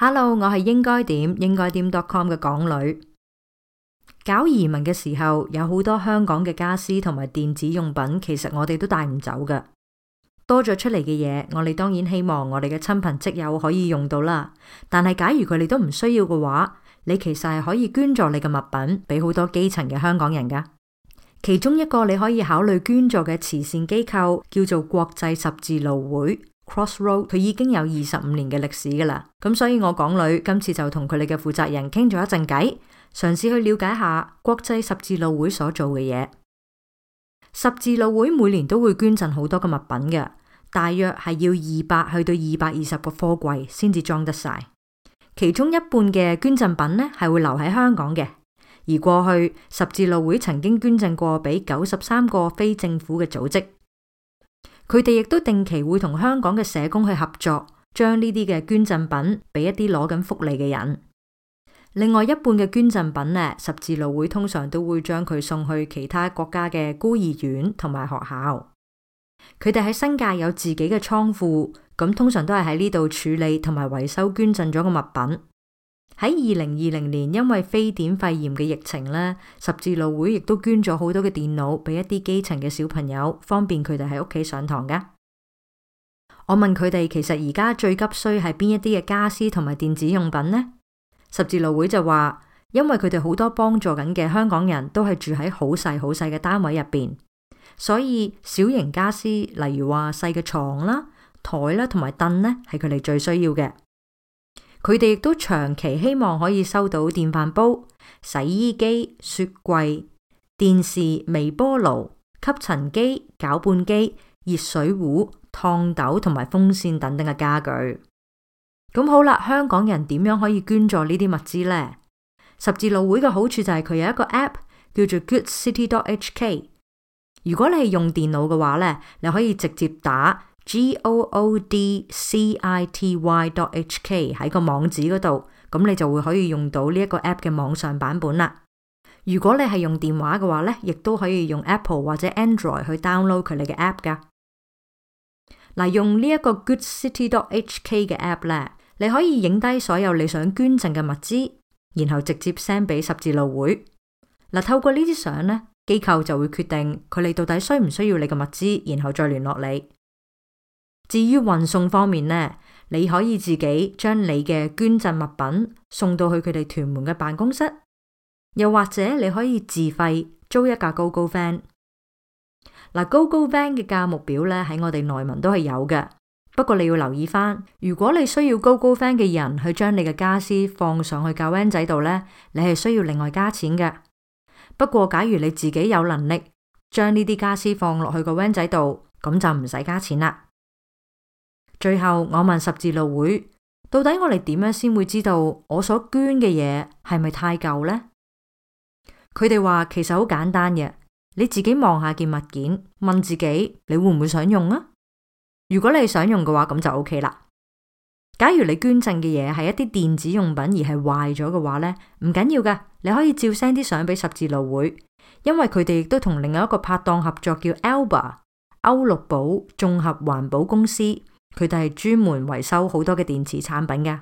Hello，我係應該點應該點 dotcom 嘅港女。搞移民嘅時候，有好多香港嘅家私同埋電子用品，其實我哋都帶唔走噶。多咗出嚟嘅嘢，我哋當然希望我哋嘅親朋戚友可以用到啦。但係假如佢哋都唔需要嘅話，你其實係可以捐助你嘅物品俾好多基層嘅香港人噶。其中一個你可以考慮捐助嘅慈善機構叫做國際十字路會。Crossroad 佢已經有二十五年嘅歷史噶啦，咁所以我港女今次就同佢哋嘅負責人傾咗一陣偈，嘗試去了解下國際十字路會所做嘅嘢。十字路會每年都會捐贈好多嘅物品嘅，大約係要二百去到二百二十個貨櫃先至裝得晒。其中一半嘅捐贈品呢係會留喺香港嘅，而過去十字路會曾經捐贈過俾九十三個非政府嘅組織。佢哋亦都定期會同香港嘅社工去合作，將呢啲嘅捐贈品俾一啲攞緊福利嘅人。另外一半嘅捐贈品呢，十字路會通常都會將佢送去其他國家嘅孤兒院同埋學校。佢哋喺新界有自己嘅倉庫，咁通常都係喺呢度處理同埋維修捐贈咗嘅物品。喺二零二零年，因為非典肺炎嘅疫情呢，十字路會亦都捐咗好多嘅電腦俾一啲基層嘅小朋友，方便佢哋喺屋企上堂噶。我問佢哋，其實而家最急需係邊一啲嘅家私同埋電子用品呢？十字路會就話，因為佢哋好多幫助緊嘅香港人都係住喺好細好細嘅單位入邊，所以小型家私，例如話細嘅床啦、台啦同埋凳呢，係佢哋最需要嘅。佢哋亦都長期希望可以收到電飯煲、洗衣機、雪櫃、電視、微波爐、吸塵機、攪拌機、熱水壺、熨斗同埋風扇等等嘅家具。咁好啦，香港人點樣可以捐助呢啲物資呢？十字路會嘅好處就係佢有一個 app 叫做 GoodCity.HK。如果你係用電腦嘅話咧，你可以直接打。G O O D C I T Y H K 喺個網址嗰度，咁你就會可以用到呢一個 app 嘅網上版本啦。如果你係用電話嘅話呢，亦都可以用 Apple 或者 Android 去 download 佢哋嘅 app 噶。嗱、啊，用呢一個 Good City .dot H K 嘅 app 呢，你可以影低所有你想捐贈嘅物資，然後直接 send 俾十字路會。嗱、啊，透過呢啲相呢，機構就會決定佢哋到底需唔需要你嘅物資，然後再聯絡你。至於運送方面咧，你可以自己將你嘅捐贈物品送到去佢哋屯門嘅辦公室，又或者你可以自費租一架 GoGoVan。嗱、啊，GoGoVan 嘅價目表咧，喺我哋內文都係有嘅。不過你要留意返，如果你需要 GoGoVan 嘅人去將你嘅家私放上去架 van 仔度呢，你係需要另外加錢嘅。不過假如你自己有能力將呢啲家私放落去個 van 仔度，咁就唔使加錢啦。最後我問十字路會，到底我哋點樣先會知道我所捐嘅嘢係咪太舊呢？佢哋話其實好簡單嘅，你自己望下件物件，問自己你會唔會想用啊？如果你想用嘅話，咁就 OK 啦。假如你捐贈嘅嘢係一啲電子用品而係壞咗嘅話呢，唔緊要噶，你可以照 send 啲相俾十字路會，因為佢哋亦都同另外一個拍檔合作，叫 Elba 歐六寶綜合環保公司。佢哋係專門維修好多嘅電子產品嘅。